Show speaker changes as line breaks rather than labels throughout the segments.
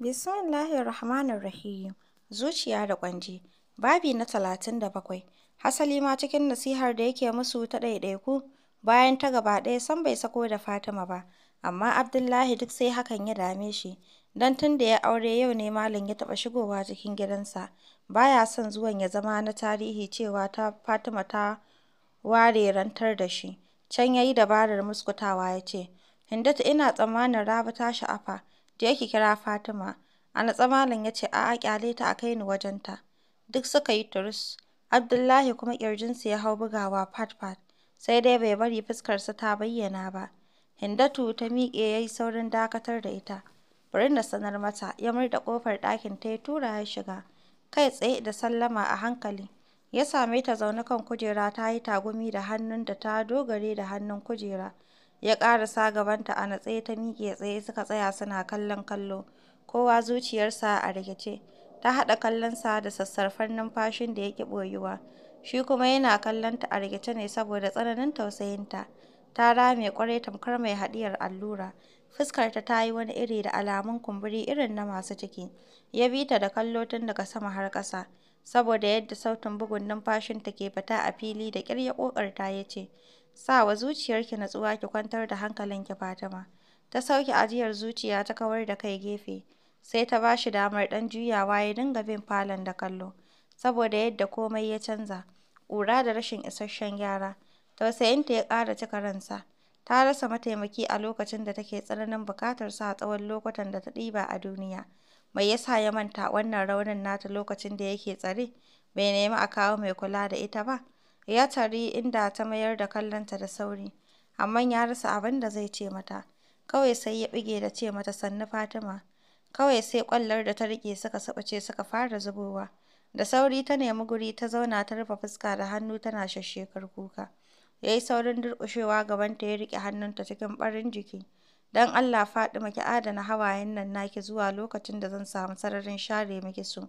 Bismillahirrahmanirrahim. Zuciya da ƙwanji. Babi na talatin da bakwai. Hasali ma cikin nasihar da yake musu ta ɗaiɗaiku, bayan ta gaba ɗaya san bai sako da Fatima ba, amma Abdullahi duk sai hakan ya dame shi, don tun da ya aure yau ne Malam ya taɓa shigowa cikin gidansa, baya son zuwan ya zama na tarihi cewa ta Fatima ta ware rantar da shi. Can ya yi dabarar muskutawa ya ce, Hindatu ina tsammanin Rabu ta sha'afa da ki kira Fatima. A Malam ya ce, a'a ƙyale ta a kai ni wajenta. Duk suka yi turus. Abdullahi kuma kirjinsu ya hau bugawa fat-fat, sai dai bai bari fuskarsa ta bayyana ba. Hindatu ta miƙe ya yi saurin dakatar da ita. Bari na sanar mata, ya murda ƙofar ɗakin ta ya tura ya shiga. Kai tsaye da sallama a hankali. Ya same ta zaune kan kujera ta yi tagumi da hannun da ta dogare da hannun kujera. ya ƙarasa gabanta a natse ta miƙe tsaye suka tsaya suna kallon kallo, kowa zuciyarsa a rikice, ta haɗa kallonsa da sassarfar numfashin da yake ɓoyuwa, shi kuma yana kallonta a rikice ne saboda tsananin tausayinta, ta rame ƙwarai tamkar mai haɗiyar allura, fuskarta ta yi wani iri da alamun kumburi irin na masu ciki, ya bi ta da kallo tun daga sama har ƙasa, saboda yadda sautin bugun numfashinta ke fita a fili da ƙyar ƙoƙarta ya ce Sa wa zuciyarki natsuwa ki kwantar da hankalinki Fatima. Ta sauke ajiyar zuciya ta kawar da kai gefe, sai ta ba shi damar ɗan juyawa ya dinga bin falon da kallo, saboda yadda komai ya canza, ƙura da rashin isasshen gyara. Tausayinta ya ƙara cika ransa. Ta rasa mataimaki a lokacin da take tsananin buƙatar sa tsawon lokutan da ta ɗiba a duniya. Mai yasa ya manta wannan raunin nata lokacin da yake tsare? Bai nemi a kawo mai kula da ita ba? ya tari inda ta mayar da kallonta da sauri, amma ya rasa abin da zai ce mata. Kawai sai ya bige da ce mata sannu Fatima. Kawai sai ƙwallar da ta rike suka sabace suka fara zubowa. Da sauri ta nemi guri ta zauna ta rufe fuska da hannu tana shasshekar kuka. Ya yi saurin durƙushewa gabanta ya rike hannunta cikin ɓarin jiki. Don Allah Faɗima ki adana hawayen nan naki zuwa lokacin da zan samu sararin share miki su.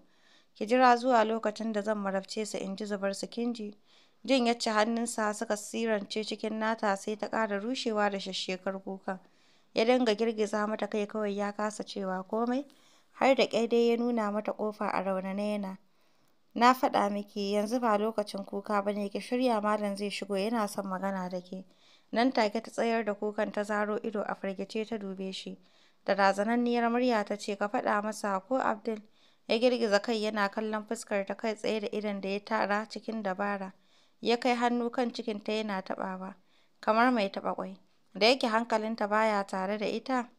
Ki jira zuwa lokacin da zan marabce su in ji zubar su kin jin ya ci hannunsa suka sirance cikin nata sai ta ƙara rushewa da shashshekar kukan. Ya dinga girgiza mata kai kawai ya kasa cewa komai, har da kyai dai ya nuna mata ƙofa a raunane yana. Na faɗa miki yanzu ba lokacin kuka ba ne ki shirya malam zai shigo yana son magana da ke. Nan take ta tsayar da kukan ta zaro ido a firgice ta dube shi. Da razananniyar murya ta ce ka faɗa masa ko Abdul. Ya girgiza kai yana kallon fuskar ta kai tsaye da idon da ya tara cikin dabara. ya kai hannu kan cikinta yana taɓawa, kamar mai taɓa ƙwai. Da yake hankalinta ba ya tare da ita,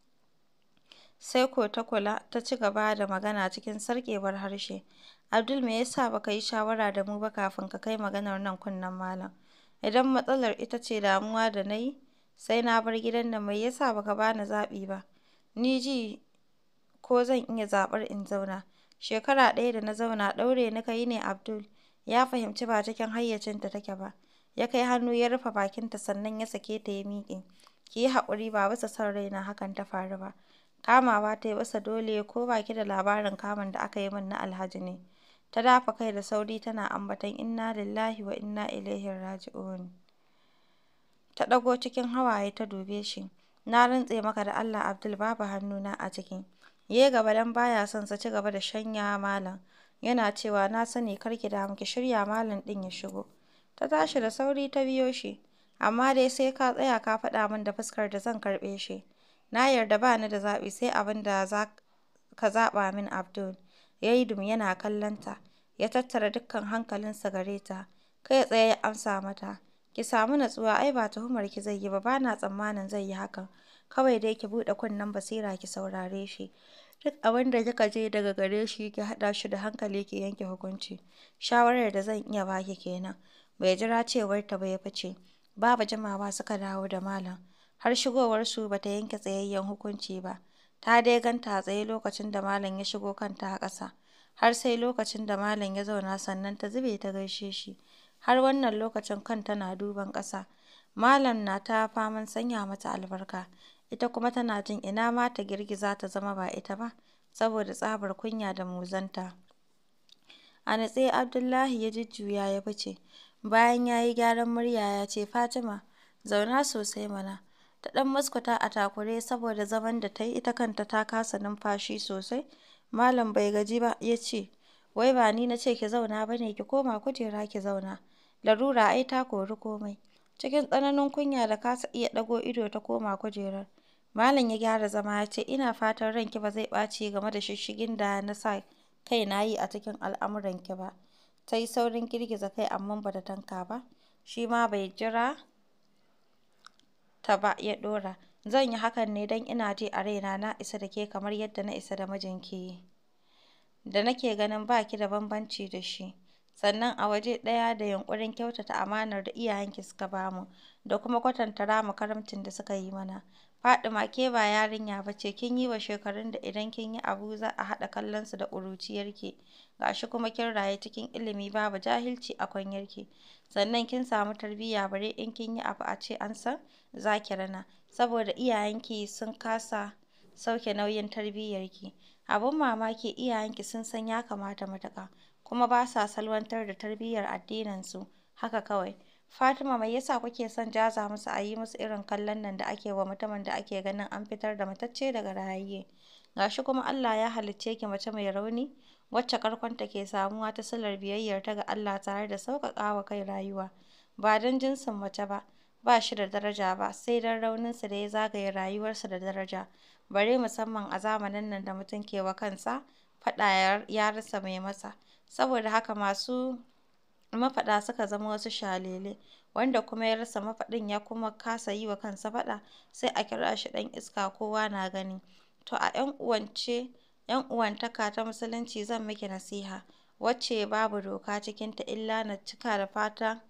sai ko ta kula ta ci gaba da magana cikin sarƙewar harshe. Abdul me ya sa ba ka yi shawara da mu ba kafin ka kai maganar nan kunnen malam? Idan matsalar ita ce damuwa da na yi, sai na bar gidan nan mai ya sa ba ka ba ni zaɓi ba? Ni ji ko zan iya zaɓar in zauna. Shekara ɗaya da na zauna ɗaure ni ka yi ne Abdul. ya fahimci ba cikin hayyacinta take ba, ya kai hannu ya rufe bakinta sannan ya sake ta ya miƙe. Ki yi haƙuri ba bisa son na hakan ta faru ba. Kamawa ta yi bisa dole ko ba ki da labarin kamun da aka yi min na Alhaji ne. Ta dafa kai da sauri tana ambaton inna lillahi wa inna ilaihi raji'un. Ta ɗago cikin hawaye ta dube shi. Na rantse maka da Allah Abdul babu hannuna a ciki. Ye gaba dan baya son sa ci gaba da shanya malam. yana cewa "na sani, kar ki damu, ki shirya malam ɗin ya shigo." Ta tashi da sauri ta biyo shi, "amma dai sai ka tsaya ka faɗa min da fuskar da zan karɓe shi, na yarda ba ni da zaɓi sai abin da ka zaɓa min Abdul." Ya yi yana kallon ya tattara dukkan hankalinsa gare ta, kai tsaye ya amsa mata, "ki samu natsuwa, ai ba tuhumar ki zai yi ba, bana tsammanin zai yi hakan." kawai dai ki buɗe kunnen basira ki saurare shi. Duk abin da kika je daga gare shi ki haɗa shi da hankali ki yanke hukunci. Shawarar da zan iya baki kenan. Bai jira cewar ta ba ya fice. Babu jimawa suka dawo da malam. Har shigowarsu ba ta yanke tsayayyen hukunci ba. Ta dai ganta tsaye lokacin da malam ya shigo kanta a ƙasa. Har sai lokacin da malam ya zauna sannan ta zube ta gaishe shi. Har wannan lokacin kanta na duban ƙasa. Malam na ta faman sanya mata albarka. ita kuma tana jin ina ma ta girgiza ta zama ba ita ba, saboda tsabar kunya da muzanta. A natse Abdullahi ya jujjuya ya bace bayan ya yi gyaran murya ya ce, Fatima, zauna sosai mana. Ta ɗan muskuta a takure saboda zaman da ta yi ita kanta ta kasa numfashi sosai. Malam bai gaji ba ya ce, wai ba ni na ce ki zauna ba ne ki koma kujera ki zauna. Larura ai ta kori komai. Cikin tsananin kunya da kasa iya ɗago ido ta koma kujerar. Malam ya gyara zama ya ce, "Ina fatan ranki ba zai ɓaci game da shishigin da na sa na yi a cikin al'amuranki ba." Ta yi saurin girgiza kai amma ba ta tanka ba. Shi ma bai jira ta ba ya ɗora, "Zan yi hakan ne don ina ji a raina na isa da ke kamar yadda na isa da mijinki da nake ganin ba ki da bambanci da shi. sannan a waje ɗaya da yunƙurin kyautata amanar da iyayenki suka ba mu da kuma kwatanta ramu karamcin da suka yi mana. Fadima ke ba yarinya ba ce, kin yi wa shekarun da idan kin yi abu za a haɗa kallon su da ƙuruciyarki, ga shi kuma kin rayu cikin ilimi babu jahilci a kwanyarki, sannan kin samu tarbiyya bare in kin yi abu a ce an san za ki rana. saboda iyayenki sun kasa sauke nauyin tarbiyyarki. Abin mamaki iyayenki sun san ya kamata matuƙa, kuma ba sa salwantar da tarbiyyar addininsu haka kawai. Fatima mai yasa kuke son jaza musu a yi musu irin kallon nan da ake wa mutumin da ake ganin an fitar da matacce daga rayayye. Gashi kuma Allah ya halicce ki mace mai rauni wacce karkonta ke samuwa ta silar biyayyar ta ga Allah tare da sauƙaƙa wa kai rayuwa. Ba don jinsin mace ba, ba shi da daraja ba, sai don rauninsa da ya zagaye rayuwarsa da daraja. Bare musamman a zamanin nan da mutum ke wa kansa faɗa ya rasa mai masa. Saboda haka masu mafaɗa suka zama wasu shalele, wanda kuma ya rasa mafaɗin ya kuma kasa yi wa kansa faɗa, sai a kira shi ɗan iska kowa na gani. To a ‘yan uwantaka ta Musulunci zan miki nasiha, wacce babu doka cikinta illa na cika da fatan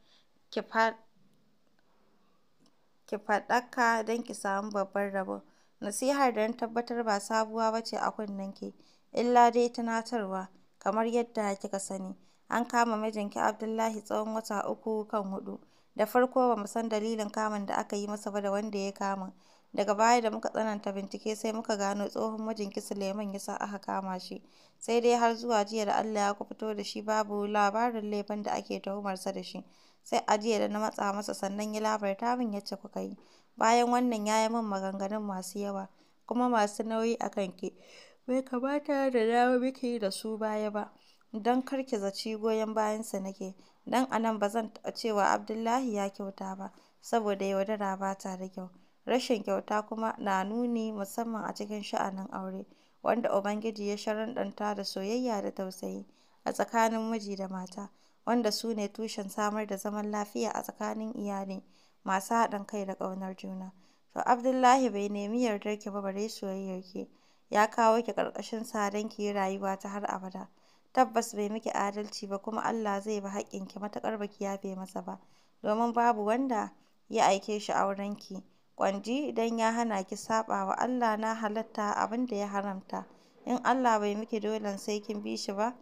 ki faɗaka don ki samu babban rabo. Nasihar da na tabbatar ba sabuwa bace ce a ki illa dai tunatarwa. Kamar yadda kika sani, an kama mijinki Abdullahi tsawon wata uku kan huɗu, da farko ba mu san dalilin kamun da aka yi masa ba da wanda ya kama daga baya da muka tsananta bincike sai muka gano tsohon mijinki Suleiman ya sa aka kama shi, sai dai har zuwa jiya da Allah ya ku fito da shi babu labarin laifin da ake tuhumarsa da shi, sai a jiya da na matsa masa sannan ya labarta min yacce kuka yi, bayan wannan ya yi min maganganun masu yawa, kuma masu nauyi a kanki. Bai kamata na dawo miki da su baya ba, don kar ki zaci goyon bayansa nake, don a nan ba zan taɓa cewa Abdullahi ya kyauta ba, saboda yaudara ba ta da kyau, rashin kyauta kuma na nuni musamman a cikin sha'anin aure, wanda Ubangiji ya shari'anta da soyayya da tausayi a tsakanin miji da mata, wanda su ne tushen samar da zaman lafiya a tsakanin iyali masu haɗin kai da ƙaunar juna. To Abdullahi bai nemi yardar ki ba bare soyayyar ki. ya kawo ki ƙarƙashinsa don ki yi rayuwa ta har abada. Tabbas bai miki adalci ba kuma Allah zai ba hakkin ki matuƙar ba ki yafe masa ba, domin babu wanda ya aike shi ki kwanji idan ya hana ki saɓawa. wa Allah na halatta abin da ya haramta. In Allah bai miki dolen sai kin bi shi ba,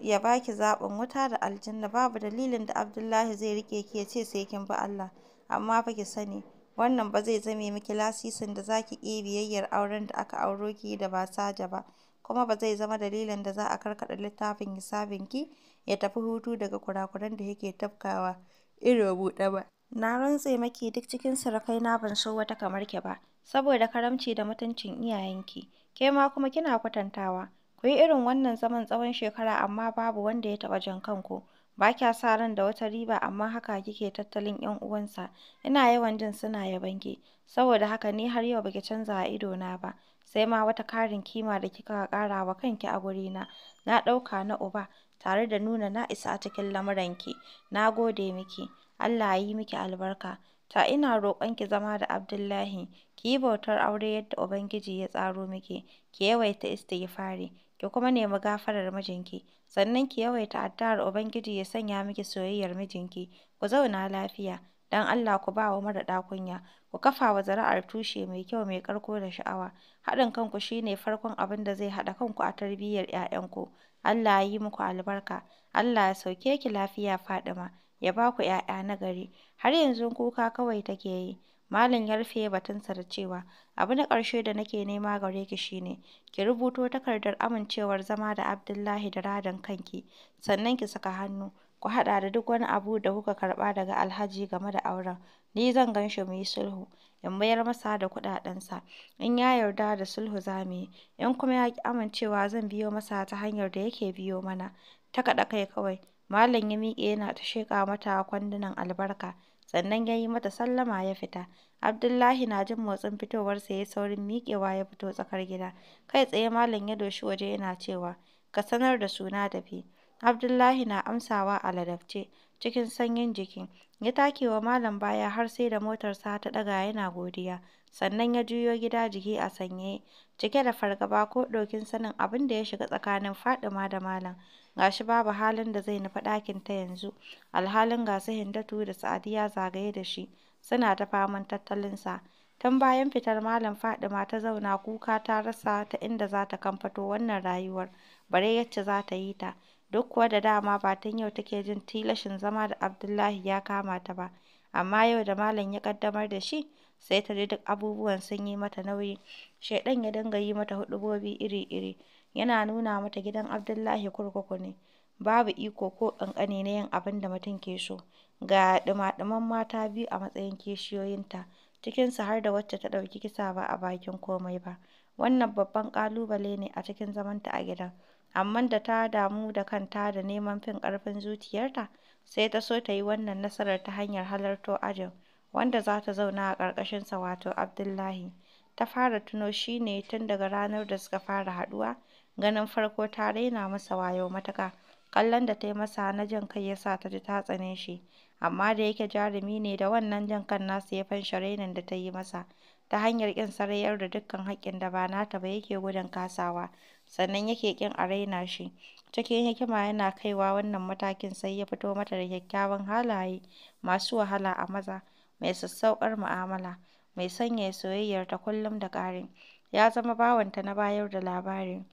ya baki zaɓin wuta da aljanna babu dalilin da Abdullahi zai rike ki ya ce sai kin bi Allah, amma fa ki sani Wannan ba zai zame miki lasisin da za ki biyayyar auren da aka auro ki da ba Saja ba, kuma ba zai zama dalilin da za a karkaɗa littafin hisabin ki ya tafi hutu daga kurakuran da yake tafkawa ido buɗe ba. Na rantse maki duk cikin na ban so wata kamar ki ba, saboda karamci da mutuncin iyayenki, ke ma kuma kina kwatantawa. Ku yi irin wannan zaman tsawon shekara amma babu wanda ya taɓa jan kanku, Ba kya sa ran da wata riba amma haka kike tattalin 'yan uwansa. Ina yawan jin suna yabon saboda haka ni har yau baki canza a na ba, sai ma wata karin kima da kika ƙara wa kanki a guri Na na ɗauka na uba, tare da nuna na isa a cikin lamuranki. Na gode miki. Allah ya yi miki albarka. Ta ina roƙon ki zama da Abdullahi, ki yi bautar aure yadda Ubangiji ya tsaro miki, ki yawaita istighfari, ki kuma nemi gafarar mijinki. sannan ki yawaita addu'ar Ubangiji ya sanya miki soyayyar mijinki, ku zauna lafiya, don Allah ku ba wa marada kunya, ku kafa wa zuri'ar tushe mai kyau mai ƙarko da sha'awa, haɗin kanku shi ne farkon abin da zai haɗa kanku a tarbiyyar 'ya'yanku, Allah ya yi muku albarka, Allah ya sauke ki lafiya Fadima, ya ba ku 'ya'ya na gari, har yanzu kuka kawai take yi. malam ya rufe batunsa da cewa, "Abu na ƙarshe da nake nema gare ki shi ne, ki rubuto takardar amincewar zama da Abdullahi da Radan kanki, sannan ki saka hannu, ku haɗa da duk wani abu da kuka karɓa daga Alhaji game da auren, ni zan ganshi shi mu yi sulhu, in mayar masa da kuɗaɗensa, in ya yarda da sulhu za mu yi, in kuma ya ƙi amincewa zan biyo masa ta hanyar da yake biyo mana." Ta kaɗa kai kawai, Malam ya miƙe yana ta sheƙa mata kwandunan albarka. sannan ya yi mata sallama ya fita. Abdullahi na jin motsin fitowarsa ya saurin miƙewa ya fito tsakar gida. Kai tsaye malam ya doshi waje yana cewa, ka sanar da suna na tafi. Abdullahi na amsawa a ladabce, cikin sanyin jiki. Ya take wa malam baya har sai da motarsa ta ɗaga yana godiya. Sannan ya juyo gida jiki a sanye, cike da fargaba ko ɗokin sanin abin da ya shiga tsakanin Fadima da malam. gashi babu halin da zai nufi ɗakin ta yanzu, alhalin ga su Hindatu da sadiya zagaye da shi suna ta faman tattalinsa. Tun bayan fitar Malam Faɗima ta zauna kuka ta rasa ta inda za ta kamfato wannan rayuwar, bare yacce za ta yi ta, duk kuwa da dama ba tun yau take jin tilashin zama da Abdullahi ya kama ta ba, amma yau da Malam ya kaddamar da shi, sai ta ji duk abubuwan sun yi mata nauyi, shaiɗan ya dinga yi mata huɗubobi iri-iri. yana nuna mata gidan Abdullahi kurkuku ne, babu iko ko ƙanƙani na yin abin da mutum ke so, ga ɗima mata biyu a matsayin kishiyoyinta, cikinsu har da wacce ta ɗauki kisa ba a bakin komai ba, wannan babban ƙalubale ne a cikin zamanta a gidan, amma da ta damu da kanta da neman fin ƙarfin zuciyarta, sai ta so ta yi wannan nasarar ta hanyar halarto ajin, wanda za ta zauna a ƙarƙashinsa wato Abdullahi, ta fara tuno shi ne tun daga ranar da suka fara haɗuwa Ganin farko ta raina masa wayo matuƙa, kallon da ta yi masa na jan kai yasa sa ta ji ta tsane shi, amma da yake jarumi ne da wannan jan kan nasa ya fanshe rainin da ta yi masa, ta hanyar ƙin sarayar da dukkan haƙƙin da ba nata ba yake gudun kasawa, sannan yake ƙin a raina shi. Cikin hikima yana kaiwa wannan matakin sai ya fito mata da kyakkyawan halaye masu wahala a maza, mai sassauƙar mu'amala, mai sanya sanyaya soyayyarta kullum da ƙari, ya zama bawanta na bayar da labari.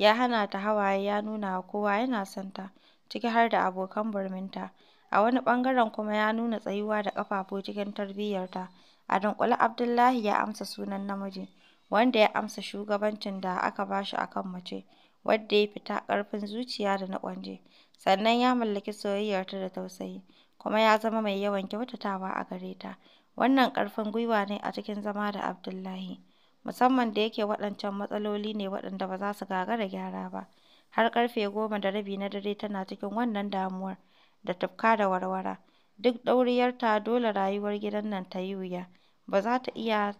ya hana ta hawaye ya nuna wa kowa yana son ta, ciki har da abokan barminta A wani ɓangaren kuma ya nuna tsayuwa da ƙafafu cikin tarbiyyarta. A dunƙule Abdullahi ya amsa sunan namiji, wanda ya amsa shugabancin da aka ba shi a kan mace, wadda ya fita karfin ƙarfin zuciya da na ƙwanje, sannan ya mallaki soyayyarta da tausayi, kuma ya zama mai yawan kyautatawa a gare ta. Wannan ƙarfin gwiwa ne a cikin zama da Abdullahi. musamman da yake waɗancan matsaloli ne waɗanda ba za su gagara gyara ba. Har karfe goma da rabi na dare tana cikin wannan damuwar da tufka da warwara. Duk ɗauriyarta dole rayuwar gidan nan ta yi wuya. Ba za ta iya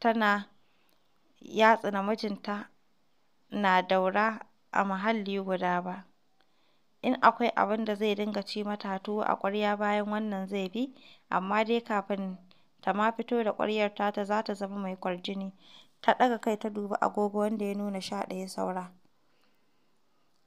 tana yatsa na mijinta na daura a muhalli guda ba. In akwai abin da zai dinga ci mata tuwo a ƙwarya bayan wannan zai bi, amma dai kafin ta ma fito da ƙwaryar ta za ta zama mai kwarjini, ta ɗaga kai ta dubi agogo wanda ya nuna sha ɗaya saura.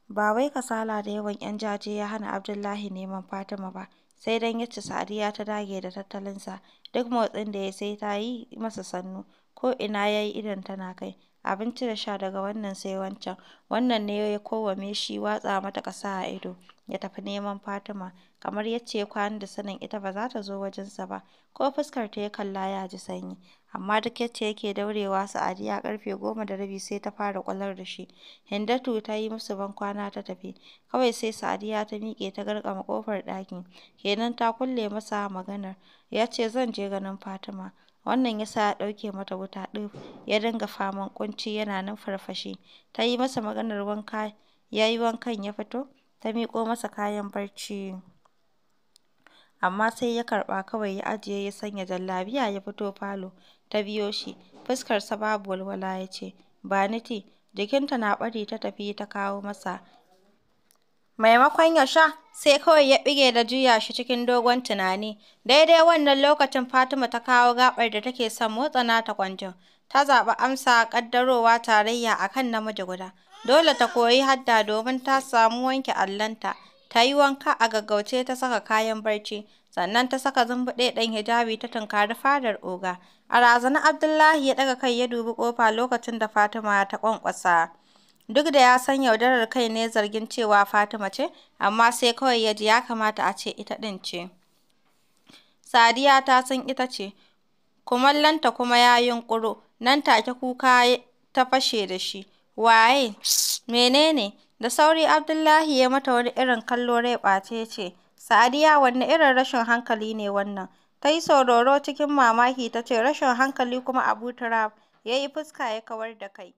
Ba wai kasala da yawan ‘yan jaje ya hana Abdullahi neman Fatima ba, sai dan yace Sadiya ta dage da tattalinsa, duk motsin da ya sai ta yi masa sannu, ko ya yi idan tana kai. abinci da sha daga wannan sai wancan, wannan ne ya kowame shi watsa mata ƙasa a ido, ya tafi neman Fatima, kamar yacce ya kwana da sanin ita ba za ta zo wajensa ba, ko fuskar ta ya kalla ya ji sanyi, amma duk yacce yake daurewa Sa'adiya karfe goma da rabi sai ta fara kwalar da shi, Hindatu ta yi musu ban kwana ta tafi, kawai sai Sa'adiya ta miƙe ta garkama ƙofar ɗakin, kenan ta kulle masa maganar, ya ce zan je ganin Fatima. Wannan ya sa ya ɗauke mata wuta ɗin ya dinga faman ƙunci yana nan farfashe Ta yi masa maganar wanka ya yi wankan ya fito, ta miƙo masa kayan barci. Amma sai ya karɓa kawai ya ajiye ya sanya jallabiya ya fito falo. Ta biyo shi, fuskarsa babu walwala ya ce, "Ba ni ta Jikinta na ɓari ta tafi ta kawo masa. Maimakon ya sha, sai kawai ya bige da juya shi cikin dogon tunani. Daidai wannan lokacin Fatima ta kawo gaɓar da take son motsa nata kwanjin. Ta zaɓi amsa ƙaddarowa tarayya a kan namiji guda. Dole ta koyi hadda domin ta samu wanke allanta. Ta yi wanka a gaggauce ta saka kayan barci. Sannan ta saka zumbuɗe ɗan hijabi ta tunkari fadar oga. A razana Abdullahi ya ɗaga kai ya dubi ƙofa lokacin da Fatima ta ƙwanƙwasa. Duk da ya san yaudarar kai ne zargin cewa Fatima ce, amma sai kawai ya ji ya kamata a ce ita ɗin ce. Sadiya ta san ita ce, kumallonta kuma ya yunƙuro, nan take kuka ta fashe da shi. Waye? Menene? Da sauri Abdullahi ya mata wani irin kallo rai ɓace ce, Sadiya wanne irin rashin hankali ne wannan? Ta yi sororo cikin mamaki ta ce rashin hankali kuma Abu Turab ya yi fuska ya kawar da kai.